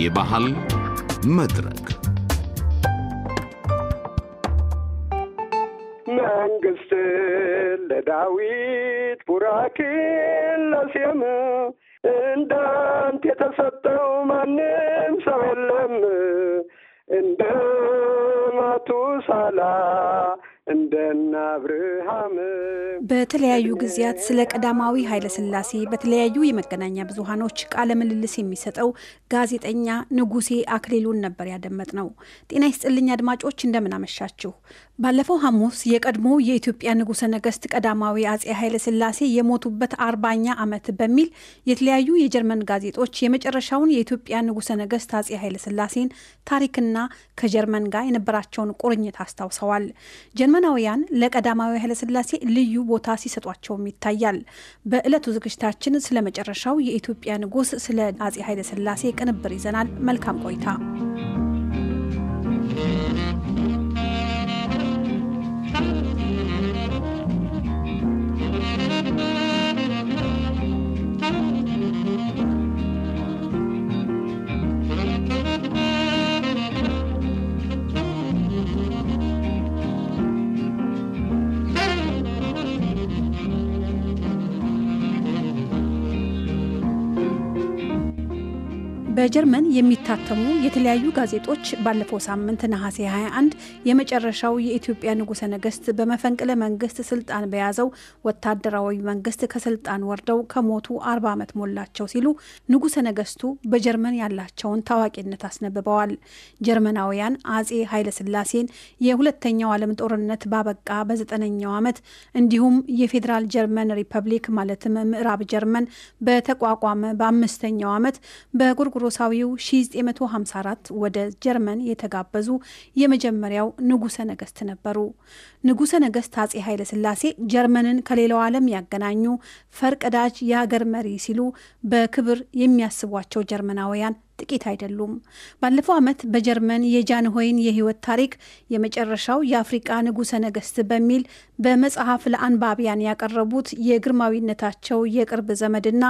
የባህል መድረክ መንግስት ለዳዊት ቡራኪን ለሴም እንዳንት የተሰጠው ማንም ሰው የለም እንደ ማቱሳላ እንደና በተለያዩ ጊዜያት ስለ ቀዳማዊ ስላሴ በተለያዩ የመገናኛ ብዙሃኖች ቃለ ምልልስ የሚሰጠው ጋዜጠኛ ንጉሴ አክሊሉን ነበር ያደመጥ ነው። ጤና ይስጥልኝ አድማጮች፣ አመሻችሁ። ባለፈው ሐሙስ የቀድሞ የኢትዮጵያ ንጉሰ ነገስት ቀዳማዊ አጼ ኃይለስላሴ የሞቱበት አርባኛ ዓመት በሚል የተለያዩ የጀርመን ጋዜጦች የመጨረሻውን የኢትዮጵያ ንጉሰ ነገስት አጼ ኃይለስላሴን ታሪክና ከጀርመን ጋር የነበራቸውን ቁርኝት አስታውሰዋል። ጀርመን ጣናውያን ለቀዳማዊ ኃይለስላሴ ልዩ ቦታ ሲሰጧቸውም ይታያል። በዕለቱ ዝግጅታችን ስለ መጨረሻው የኢትዮጵያ ንጉሥ ስለ አጼ ስላሴ ቅንብር ይዘናል። መልካም ቆይታ በጀርመን የሚታተሙ የተለያዩ ጋዜጦች ባለፈው ሳምንት ነሐሴ 21 የመጨረሻው የኢትዮጵያ ንጉሠ ነገሥት በመፈንቅለ መንግስት ስልጣን በያዘው ወታደራዊ መንግስት ከስልጣን ወርደው ከሞቱ 40 ዓመት ሞላቸው ሲሉ ንጉሠ ነገሥቱ በጀርመን ያላቸውን ታዋቂነት አስነብበዋል። ጀርመናውያን አጼ ኃይለሥላሴን የሁለተኛው ዓለም ጦርነት ባበቃ በዘጠነኛው ዓመት እንዲሁም የፌዴራል ጀርመን ሪፐብሊክ ማለትም ምዕራብ ጀርመን በተቋቋመ በአምስተኛው ዓመት በጉርጉ በጎርጎሮሳዊው 1954 ወደ ጀርመን የተጋበዙ የመጀመሪያው ንጉሰ ነገስት ነበሩ። ንጉሰ ነገስት አጼ ኃይለስላሴ ጀርመንን ከሌላው ዓለም ያገናኙ ፈርቀዳጅ የሀገር መሪ ሲሉ በክብር የሚያስቧቸው ጀርመናውያን ጥቂት አይደሉም። ባለፈው ዓመት በጀርመን የጃንሆይን የህይወት ታሪክ የመጨረሻው የአፍሪቃ ንጉሠ ነገሥት በሚል በመጽሐፍ ለአንባቢያን ያቀረቡት የግርማዊነታቸው የቅርብ ዘመድና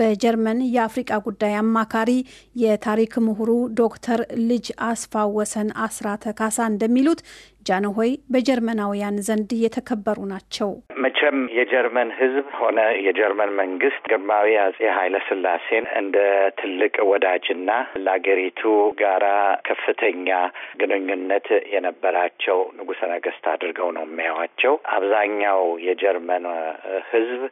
በጀርመን የአፍሪቃ ጉዳይ አማካሪ የታሪክ ምሁሩ ዶክተር ልጅ አስፋወሰን አስራተ ካሳ እንደሚሉት ጃንሆይ በጀርመናውያን ዘንድ እየተከበሩ ናቸው። መቼም የጀርመን ሕዝብ ሆነ የጀርመን መንግስት ግርማዊ አጼ ኃይለ ስላሴን እንደ ትልቅ ወዳጅና ለአገሪቱ ጋራ ከፍተኛ ግንኙነት የነበራቸው ንጉሠ ነገስት አድርገው ነው የሚያዋቸው። አብዛኛው የጀርመን ሕዝብ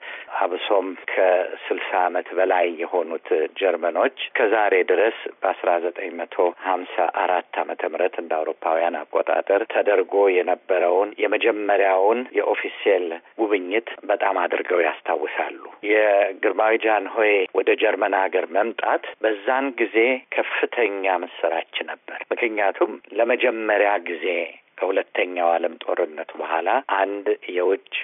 አብሶም ከስልሳ ዓመት በላይ የሆኑት ጀርመኖች ከዛሬ ድረስ በአስራ ዘጠኝ መቶ ሀምሳ አራት አመተ ምህረት እንደ አውሮፓውያን አቆጣጠር ተደር አድርጎ የነበረውን የመጀመሪያውን የኦፊሴል ጉብኝት በጣም አድርገው ያስታውሳሉ። የግርማዊ ጃንሆይ ወደ ጀርመን ሀገር መምጣት በዛን ጊዜ ከፍተኛ ምስራች ነበር። ምክንያቱም ለመጀመሪያ ጊዜ ከሁለተኛው ዓለም ጦርነት በኋላ አንድ የውጭ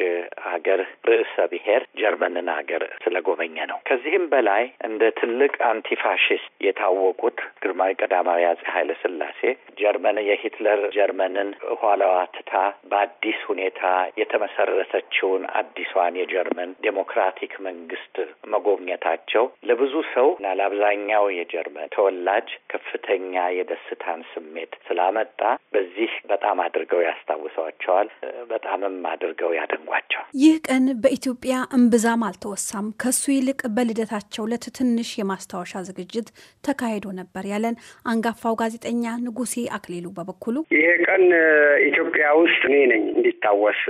ሀገር ርዕሰ ብሔር ጀርመንን ሀገር ስለጎበኘ ነው። ከዚህም በላይ እንደ ትልቅ አንቲፋሽስት የታወቁት ግርማዊ ቀዳማዊ አጼ ኃይለ ስላሴ ጀርመን የሂትለር ጀርመንን ኋላዋ ትታ በአዲስ ሁኔታ የተመሰረተችውን አዲሷን የጀርመን ዴሞክራቲክ መንግስት መጎብኘታቸው ለብዙ ሰው እና ለአብዛኛው የጀርመን ተወላጅ ከፍተኛ የደስታን ስሜት ስላመጣ በዚህ በጣም አድርገው ያስታውሰዋቸዋል። በጣምም አድርገው ያደንጓቸዋል። ይህ ቀን በኢትዮጵያ እምብዛም አልተወሳም። ከሱ ይልቅ በልደታቸው ዕለት ትንሽ የማስታወሻ ዝግጅት ተካሂዶ ነበር ያለን አንጋፋው ጋዜጠኛ ንጉሴ አክሊሉ በበኩሉ ይሄ ቀን ኢትዮጵያ ውስጥ እኔ ነኝ እንዲታወስ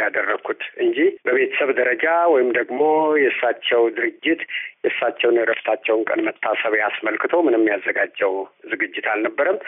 ያደረግኩት እንጂ በቤተሰብ ደረጃ ወይም ደግሞ የእሳቸው ድርጅት የእሳቸውን የእረፍታቸውን ቀን መታሰቢያ አስመልክቶ ምንም ያዘጋጀው ዝግጅት አልነበረም።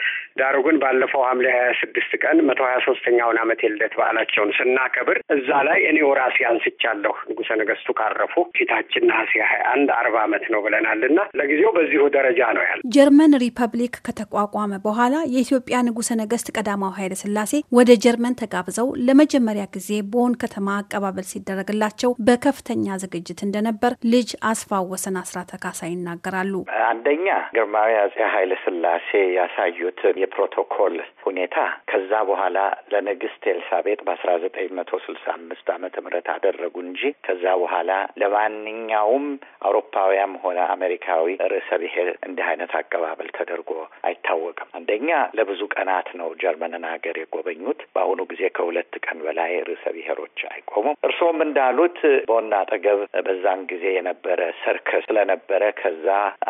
ዳሩ ግን ባለፈው ሐምሌ ሀያ ስድስት ቀን መቶ ሀያ ሶስተኛውን ዓመት የልደት በዓላቸውን ስናከብር እዛ ላይ እኔ ወራሴ አንስቻለሁ ንጉሰ ነገስቱ ካረፉ ፊታችን ነሐሴ ሀያ አንድ አርባ ዓመት ነው ብለናል እና ለጊዜው በዚሁ ደረጃ ነው ያለ። ጀርመን ሪፐብሊክ ከተቋቋመ በኋላ የኢትዮጵያ ንጉሰ ነገስት ቀዳማዊ ኃይለ ስላሴ ወደ ጀርመን ተጋብዘው ለመጀመሪያ ጊዜ ቦን ከተማ አቀባበል ሲደረግላቸው በከፍተኛ ዝግጅት እንደነበር ልጅ አስፋወ ወሰን አስራ ተካሳይ ይናገራሉ። አንደኛ ግርማዊ አጼ ኃይለ ስላሴ ያሳዩት የፕሮቶኮል ሁኔታ ከዛ በኋላ ለንግስት ኤልሳቤጥ በአስራ ዘጠኝ መቶ ስልሳ አምስት አመተ ምህረት አደረጉ እንጂ ከዛ በኋላ ለማንኛውም አውሮፓውያም ሆነ አሜሪካዊ ርዕሰ ብሔር እንዲህ አይነት አቀባበል ተደርጎ አይታወቅም። አንደኛ ለብዙ ቀናት ነው ጀርመንን ሀገር የጎበኙት። በአሁኑ ጊዜ ከሁለት ቀን በላይ ርዕሰ ብሔሮች አይቆሙም። እርስዎም እንዳሉት በና አጠገብ በዛን ጊዜ የነበረ ሰርክ ስለነበረ ከዛ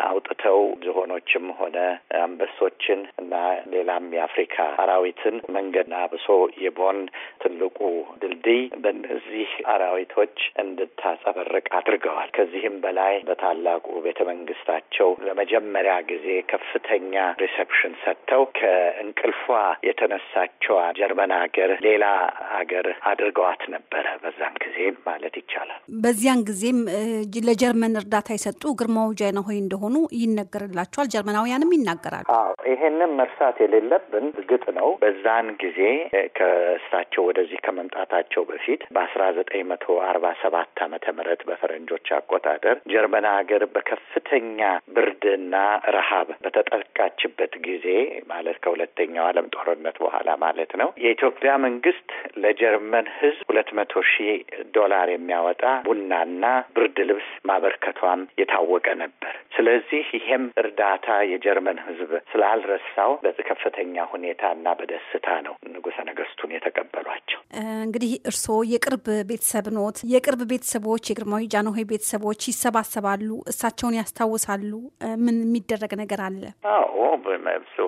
አውጥተው ዝሆኖችም ሆነ አንበሶችን እና ሌላም የአፍሪካ አራዊትን መንገድ አብሶ የቦን ትልቁ ድልድይ በእነዚህ አራዊቶች እንድታጸበርቅ አድርገዋል። ከዚህም በላይ በታላቁ ቤተ መንግስታቸው ለመጀመሪያ ጊዜ ከፍተኛ ሪሰፕሽን ሰጥተው ከእንቅልፏ የተነሳቸዋ ጀርመን ሀገር ሌላ ሀገር አድርገዋት ነበረ። በዛን ጊዜ ማለት ይቻላል። በዚያን ጊዜም ለጀርመን እርዳታ አሜሪካ የሰጡ ግርማው ጃንሆይ እንደሆኑ ይነገርላቸዋል። ጀርመናውያንም ይናገራሉ። ይሄንን መርሳት የሌለብን እርግጥ ነው። በዛን ጊዜ ከእሳቸው ወደዚህ ከመምጣታቸው በፊት በአስራ ዘጠኝ መቶ አርባ ሰባት አመተ ምህረት በፈረንጆች አቆጣጠር ጀርመን ሀገር በከፍተኛ ብርድና ረሃብ በተጠቃችበት ጊዜ ማለት ከሁለተኛው ዓለም ጦርነት በኋላ ማለት ነው የኢትዮጵያ መንግስት ለጀርመን ህዝብ ሁለት መቶ ሺህ ዶላር የሚያወጣ ቡናና ብርድ ልብስ ማበርከቷን በጣም የታወቀ ነበር። ስለዚህ ይሄም እርዳታ የጀርመን ህዝብ ስላልረሳው በከፍተኛ ሁኔታ እና በደስታ ነው ንጉሰ ነገስቱን የተቀበሏቸው። እንግዲህ እርስዎ የቅርብ ቤተሰብ ኖት። የቅርብ ቤተሰቦች የግርማዊ ጃንሆይ ቤተሰቦች ይሰባሰባሉ፣ እሳቸውን ያስታውሳሉ። ምን የሚደረግ ነገር አለ? አዎ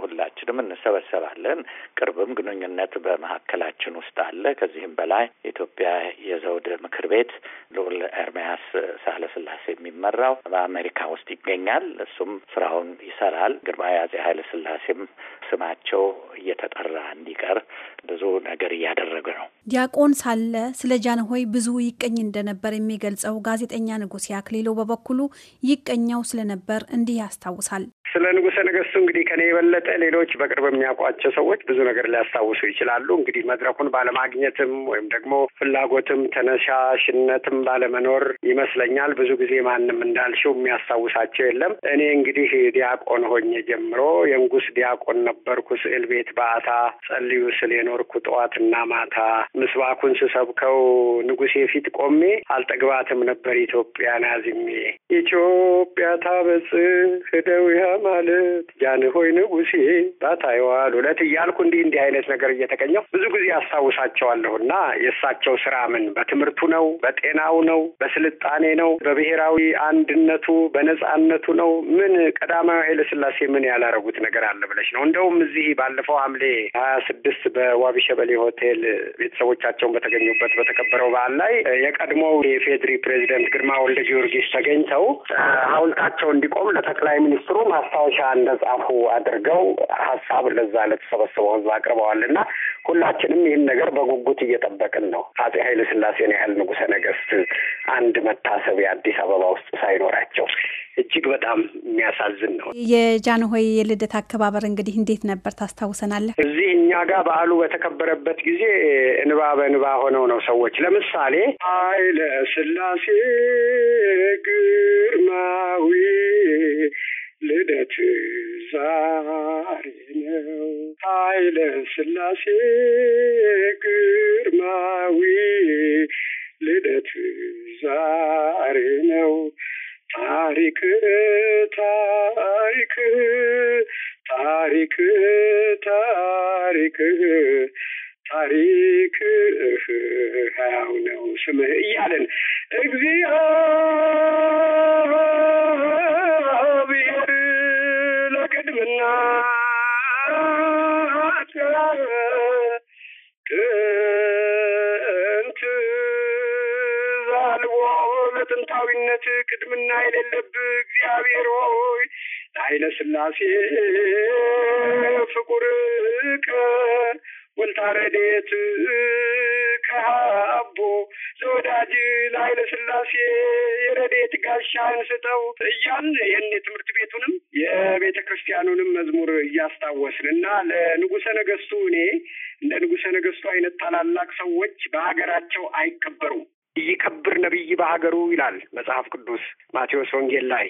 ሁላችንም እንሰበሰባለን። ቅርብም ግንኙነት በመካከላችን ውስጥ አለ። ከዚህም በላይ የኢትዮጵያ የዘውድ ምክር ቤት ልዑል ኤርሚያስ ሳህለስላሴ የሚመራው በአሜሪካ ውስጥ ይገኛል ይገኛል። እሱም ስራውን ይሰራል። ግርማዊ አጼ ኃይለ ስላሴም ስማቸው እየተጠራ እንዲቀር ብዙ ነገር እያደረገ ነው። ዲያቆን ሳለ ስለ ጃንሆይ ብዙ ይቀኝ እንደነበር የሚገልጸው ጋዜጠኛ ንጉሴ አክሊሉ በበኩሉ ይቀኛው ስለነበር እንዲህ ያስታውሳል። ስለ ንጉሰ ነገስቱ እንግዲህ ከኔ የበለጠ ሌሎች በቅርብ የሚያውቋቸው ሰዎች ብዙ ነገር ሊያስታውሱ ይችላሉ። እንግዲህ መድረኩን ባለማግኘትም ወይም ደግሞ ፍላጎትም ተነሳሽነትም ባለመኖር ይመስለኛል ብዙ ጊዜ ማንም እንዳልሽው የሚያስታውሳቸው የለም። እኔ እንግዲህ ዲያቆን ሆኜ ጀምሮ የንጉስ ዲያቆን ነበርኩ። ስዕል ቤት በአታ ጸልዩ ስል የኖርኩ ጠዋትና ማታ ምስባኩን ስሰብከው ንጉሴ ፊት ቆሜ አልጠግባትም ነበር ኢትዮጵያ ናዝሜ ኢትዮጵያ ታበጽ ህደውያም ማለት ጃን ሆይ ንጉሴ ባታይዋል ሁለት እያልኩ እንዲህ እንዲህ አይነት ነገር እየተገኘው ብዙ ጊዜ አስታውሳቸዋለሁ እና የእሳቸው ስራ ምን በትምህርቱ ነው፣ በጤናው ነው፣ በስልጣኔ ነው፣ በብሔራዊ አንድነቱ፣ በነጻነቱ ነው። ምን ቀዳማዊ ኃይለ ስላሴ ምን ያላረጉት ነገር አለ ብለሽ ነው። እንደውም እዚህ ባለፈው ሐምሌ ሀያ ስድስት በዋቢ ሸበሌ ሆቴል ቤተሰቦቻቸውን በተገኙበት በተከበረው በዓል ላይ የቀድሞው የፌድሪ ፕሬዚደንት ግርማ ወልደ ጊዮርጊስ ተገኝተው ሀውልታቸው እንዲቆም ለጠቅላይ ሚኒስትሩ ማስ ማስታወሻ እንደጻፉ አድርገው ሀሳብ ለዛ ለተሰበሰበው ህዝብ አቅርበዋል እና ሁላችንም ይህን ነገር በጉጉት እየጠበቅን ነው። አጼ ኃይለ ስላሴን ያህል ንጉሰ ነገስት አንድ መታሰቢያ አዲስ አበባ ውስጥ ሳይኖራቸው እጅግ በጣም የሚያሳዝን ነው። የጃንሆይ የልደት አከባበር እንግዲህ እንዴት ነበር ታስታውሰናለህ? እዚህ እኛ ጋር በዓሉ በተከበረበት ጊዜ እንባ በንባ ሆነው ነው ሰዎች ለምሳሌ ኃይለ ስላሴ ግርማዊ ልደት ዛሬ ነው። ኃይለ ሥላሴ ግርማዊ ልደት ዛሬ ነው። ታሪክ ታሪክ ታሪክ ታሪክ ታሪክ ሕያው ነው ስምህ እያለን እግዚአ ጥንት ዛልቦ ቅድምና የሌለብ እግዚአብሔር ሆይ ለኃይለ ሥላሴ ፍቁር ከወልታረዴት ከሀቦ ለወዳጅ ለኃይለ ስላሴ የረድኤት ጋሻ አንስተው እያን ይህን የትምህርት ቤቱንም የቤተ ክርስቲያኑንም መዝሙር እያስታወስን እና ለንጉሰ ነገስቱ እኔ እንደ ንጉሰ ነገስቱ አይነት ታላላቅ ሰዎች በሀገራቸው አይከበሩም። ይከብር ነቢይ በሀገሩ ይላል መጽሐፍ ቅዱስ ማቴዎስ ወንጌል ላይ።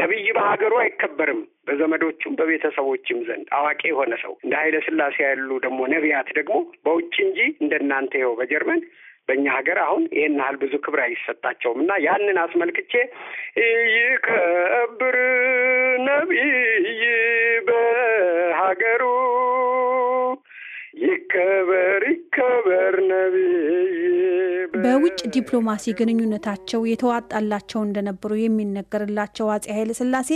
ነቢይ በሀገሩ አይከበርም፣ በዘመዶቹም በቤተሰቦችም ዘንድ አዋቂ የሆነ ሰው እንደ ኃይለ ስላሴ ያሉ ደግሞ ነቢያት ደግሞ በውጭ እንጂ እንደናንተ ይኸው በጀርመን በእኛ ሀገር አሁን ይህን ያህል ብዙ ክብር አይሰጣቸውም እና ያንን አስመልክቼ ይከብር ነቢይ በሀገሩ ይከበር ይከበር ነቢይ በውጭ ዲፕሎማሲ ግንኙነታቸው የተዋጣላቸው እንደነበሩ የሚነገርላቸው አጼ ኃይለ ስላሴ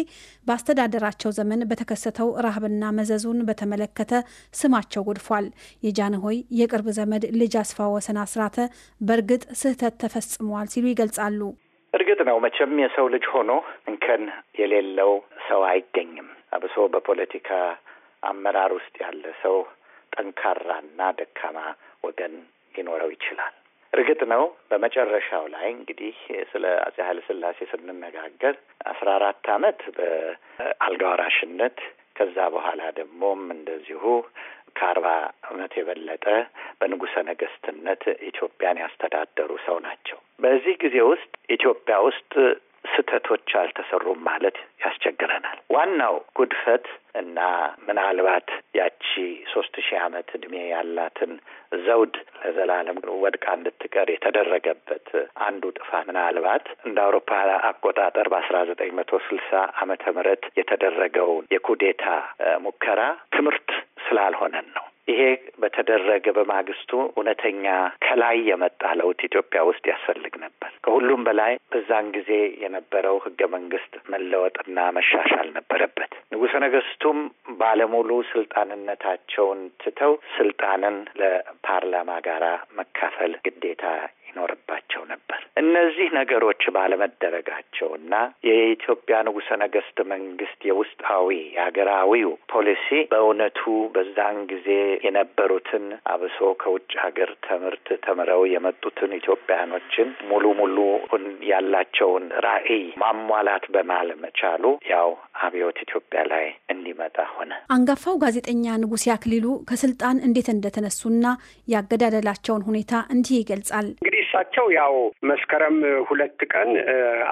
በአስተዳደራቸው ዘመን በተከሰተው ረሃብና መዘዙን በተመለከተ ስማቸው ጎድፏል። የጃንሆይ የቅርብ ዘመድ ልጅ አስፋ ወሰን አስራተ በእርግጥ ስህተት ተፈጽመዋል ሲሉ ይገልጻሉ። እርግጥ ነው መቼም የሰው ልጅ ሆኖ እንከን የሌለው ሰው አይገኝም። አብሶ በፖለቲካ አመራር ውስጥ ያለ ሰው ጠንካራና ደካማ ወገን ሊኖረው ይችላል። እርግጥ ነው በመጨረሻው ላይ እንግዲህ ስለ አጼ ኃይለ ስላሴ ስንነጋገር አስራ አራት አመት በአልጋ ወራሽነት ከዛ በኋላ ደግሞም እንደዚሁ ከአርባ አመት የበለጠ በንጉሰ ነገስትነት ኢትዮጵያን ያስተዳደሩ ሰው ናቸው። በዚህ ጊዜ ውስጥ ኢትዮጵያ ውስጥ ስህተቶች አልተሰሩም ማለት ያስቸግረናል። ዋናው ጉድፈት እና ምናልባት ያቺ ሶስት ሺህ ዓመት እድሜ ያላትን ዘውድ ለዘላለም ወድቃ እንድትቀር የተደረገበት አንዱ ጥፋ ምናልባት እንደ አውሮፓ አቆጣጠር በአስራ ዘጠኝ መቶ ስልሳ ዓመተ ምህረት የተደረገውን የኩዴታ ሙከራ ትምህርት ስላልሆነን ነው። ይሄ በተደረገ በማግስቱ እውነተኛ ከላይ የመጣ ለውጥ ኢትዮጵያ ውስጥ ያስፈልግ ነበር። ከሁሉም በላይ በዛን ጊዜ የነበረው ህገ መንግስት መለወጥና መሻሻል ነበረበት። ንጉሠ ነገስቱም ባለሙሉ ስልጣንነታቸውን ትተው ስልጣንን ለፓርላማ ጋራ መካፈል ግዴታ ይኖርባቸው ነበር። እነዚህ ነገሮች ባለመደረጋቸው እና የኢትዮጵያ ንጉሠ ነገሥት መንግስት የውስጣዊ የሀገራዊው ፖሊሲ በእውነቱ በዛን ጊዜ የነበሩትን አብሶ ከውጭ ሀገር ትምህርት ተምረው የመጡትን ኢትዮጵያኖችን ሙሉ ሙሉ ያላቸውን ራዕይ ማሟላት በማለመቻሉ ያው አብዮት ኢትዮጵያ ላይ እንዲመጣ ሆነ። አንጋፋው ጋዜጠኛ ንጉሴ አክሊሉ ከስልጣን እንዴት እንደተነሱና ያገዳደላቸውን ሁኔታ እንዲህ ይገልጻል። እንግዲህ እሳቸው ያው መስከረም ሁለት ቀን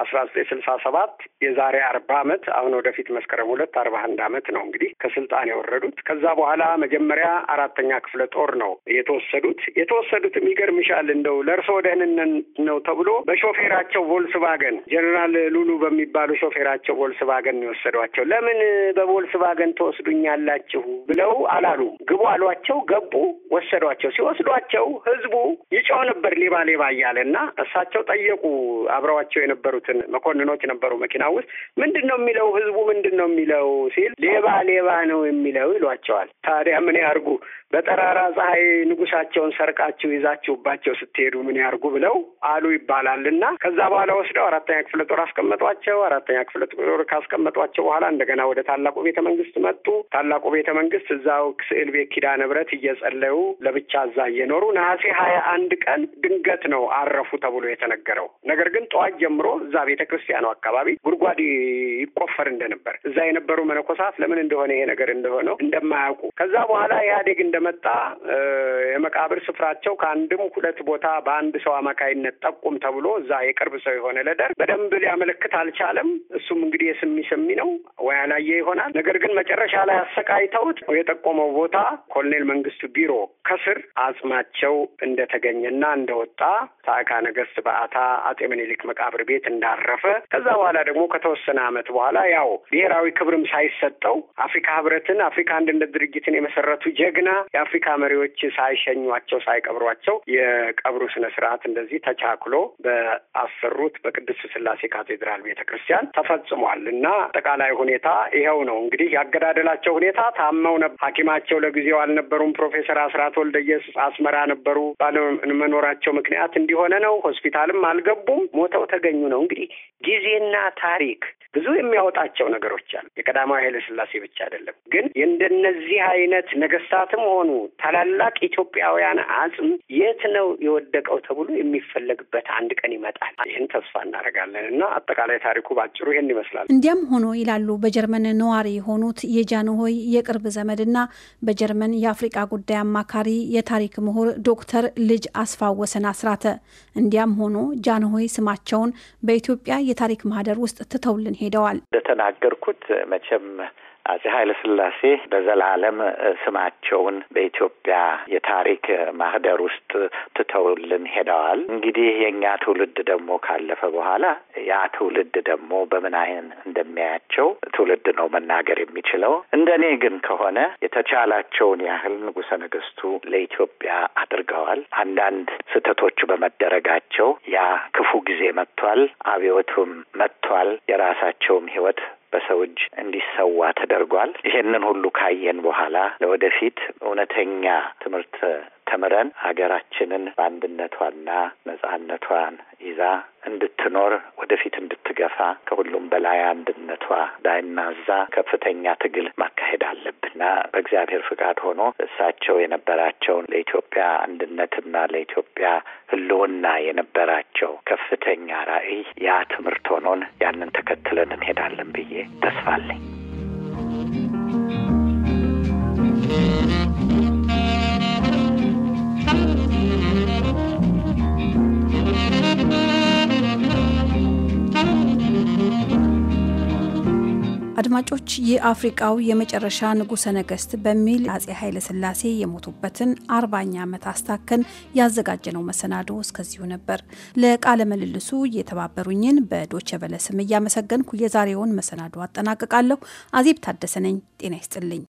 አስራ ዘጠኝ ስልሳ ሰባት የዛሬ አርባ አመት አሁን ወደፊት መስከረም ሁለት አርባ አንድ አመት ነው እንግዲህ ከስልጣን የወረዱት። ከዛ በኋላ መጀመሪያ አራተኛ ክፍለ ጦር ነው የተወሰዱት። የተወሰዱት ይገርምሻል እንደው ለእርስዎ ደህንነት ነው ተብሎ በሾፌራቸው ቮልስቫገን ጀኔራል ሉሉ በሚባሉ ሾፌራቸው ቮልስቫገን ነው የወሰዷቸው። ለምን በቮልስቫገን ተወስዱኛላችሁ ብለው አላሉ። ግቡ አሏቸው። ገቡ፣ ወሰዷቸው። ሲወስዷቸው ህዝቡ ይጮህ ነበር ሌባ ሌባ እያለ እና እሳቸው ጠየቁ፣ አብረዋቸው የነበሩትን መኮንኖች ነበሩ መኪና ውስጥ ምንድን ነው የሚለው ህዝቡ ምንድን ነው የሚለው ሲል ሌባ ሌባ ነው የሚለው ይሏቸዋል። ታዲያ ምን ያርጉ? በጠራራ ፀሐይ ንጉሳቸውን ሰርቃችሁ ይዛችሁባቸው ስትሄዱ ምን ያርጉ ብለው አሉ ይባላል። እና ከዛ በኋላ ወስደው አራተኛ ክፍለ ጦር አስቀመጧቸው። አራተኛ ክፍለ ጦር ካስቀመጧቸው በኋላ እንደገና ወደ ታላቁ ቤተ መንግስት መጡ። ታላቁ ቤተ መንግስት እዛው ስዕል ቤት ኪዳነ ምሕረት እየጸለዩ ለብቻ እዛ እየኖሩ ነሐሴ ሀያ አንድ ቀን ድንገት ነው ነው አረፉ ተብሎ የተነገረው። ነገር ግን ጠዋት ጀምሮ እዛ ቤተ ክርስቲያኑ አካባቢ ጉድጓድ ይቆፈር እንደነበር እዛ የነበሩ መነኮሳት ለምን እንደሆነ ይሄ ነገር እንደሆነው እንደማያውቁ ከዛ በኋላ ኢህአዴግ እንደመጣ የመቃብር ስፍራቸው ከአንድም ሁለት ቦታ በአንድ ሰው አማካይነት ጠቁም ተብሎ እዛ የቅርብ ሰው የሆነ ለደር በደንብ ሊያመለክት አልቻለም። እሱም እንግዲህ የስሚ ሰሚ ነው ወይ አላየ ይሆናል። ነገር ግን መጨረሻ ላይ አሰቃይተውት የጠቆመው ቦታ ኮሎኔል መንግስቱ ቢሮ ከስር አጽማቸው እንደተገኘና እንደወጣ ሳዕካ ነገስት በአታ አጼ ምኒልክ መቃብር ቤት እንዳረፈ ከዛ በኋላ ደግሞ ከተወሰነ ዓመት በኋላ ያው ብሔራዊ ክብርም ሳይሰጠው አፍሪካ ህብረትን አፍሪካ አንድነት ድርጅትን የመሰረቱ ጀግና የአፍሪካ መሪዎች ሳይሸኟቸው ሳይቀብሯቸው የቀብሩ ስነ ስርዓት እንደዚህ ተቻክሎ በአሰሩት በቅድስት ስላሴ ካቴድራል ቤተ ክርስቲያን ተፈጽሟል እና አጠቃላይ ሁኔታ ይኸው ነው እንግዲህ ያገዳደላቸው ሁኔታ ታመው ነበር ሐኪማቸው ለጊዜው አልነበሩም። ፕሮፌሰር አስራት ወልደየስ አስመራ ነበሩ ባለመኖራቸው ምክንያት እንዲሆነ ነው። ሆስፒታልም አልገቡም፣ ሞተው ተገኙ ነው። እንግዲህ ጊዜና ታሪክ ብዙ የሚያወጣቸው ነገሮች አሉ። የቀዳማዊ ኃይለ ሥላሴ ብቻ አይደለም። ግን የእንደነዚህ አይነት ነገስታትም ሆኑ ታላላቅ ኢትዮጵያውያን አጽም የት ነው የወደቀው ተብሎ የሚፈለግበት አንድ ቀን ይመጣል። ይህን ተስፋ እናደርጋለን እና አጠቃላይ ታሪኩ ባጭሩ ይህን ይመስላል። እንዲያም ሆኖ ይላሉ በጀርመን ነዋሪ የሆኑት የጃንሆይ የቅርብ ዘመድና በጀርመን የአፍሪቃ ጉዳይ አማካሪ የታሪክ ምሁር ዶክተር ልጅ አስፋወሰን አስራት እንዲያም ሆኖ ጃንሆይ ስማቸውን በኢትዮጵያ የታሪክ ማህደር ውስጥ ትተውልን ሄደዋል። እንደተናገርኩት መቼም አጼ ኃይለ ስላሴ በዘላለም ስማቸውን በኢትዮጵያ የታሪክ ማህደር ውስጥ ትተውልን ሄደዋል። እንግዲህ የእኛ ትውልድ ደግሞ ካለፈ በኋላ ያ ትውልድ ደግሞ በምን አይን እንደሚያያቸው ትውልድ ነው መናገር የሚችለው። እንደኔ ግን ከሆነ የተቻላቸውን ያህል ንጉሠ ነገስቱ ለኢትዮጵያ አድርገዋል። አንዳንድ ስህተቶቹ በመደረጋቸው ያ ክፉ ጊዜ መጥቷል፣ አብዮቱም መጥቷል። የራሳቸውም ህይወት በሰው እጅ እንዲሰዋ ተደርጓል። ይሄንን ሁሉ ካየን በኋላ ለወደፊት እውነተኛ ትምህርት ተምረን ሀገራችንን በአንድነቷና ነጻነቷን ይዛ እንድትኖር ወደፊት እንድትገፋ ከሁሉም በላይ አንድነቷ እንዳይናዛ ከፍተኛ ትግል ማካሄድ አለብና በእግዚአብሔር ፍቃድ ሆኖ እሳቸው የነበራቸውን ለኢትዮጵያ አንድነትና ለኢትዮጵያ ሕልውና የነበራቸው ከፍተኛ ራዕይ ያ ትምህርት ሆኖን ያንን ተከትለን እንሄዳለን ብዬ ተስፋ አለኝ። አድማጮች የአፍሪቃው የመጨረሻ ንጉሠ ነገሥት በሚል አጼ ሥላሴ የሞቱበትን አርባኛ ዓመት አስታከን ያዘጋጀነው መሰናዶ እስከዚሁ ነበር። ለቃለ ምልልሱ የተባበሩኝን በዶቸ በለ ስም እያመሰገንኩ የዛሬውን መሰናዶ አጠናቅቃለሁ። አዜብ ታደሰ ነኝ። ጤና ይስጥልኝ።